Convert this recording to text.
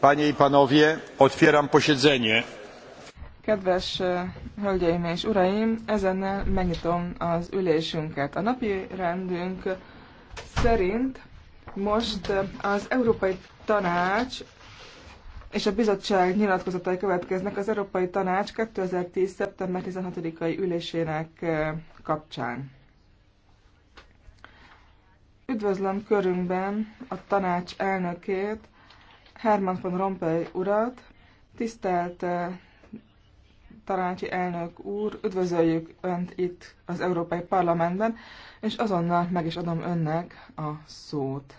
Panie i panowie, otwieram posiedzenie. Kedves e, hölgyeim és uraim, ezennel megnyitom az ülésünket. A napi rendünk szerint most az Európai Tanács és a bizottság nyilatkozatai következnek az Európai Tanács 2010. szeptember 16-ai ülésének e, kapcsán. Üdvözlöm körünkben a tanács elnökét, Herman von Rompuy urat, tisztelt eh, tanácsi elnök úr, üdvözöljük Önt itt az Európai Parlamentben, és azonnal meg is adom Önnek a szót.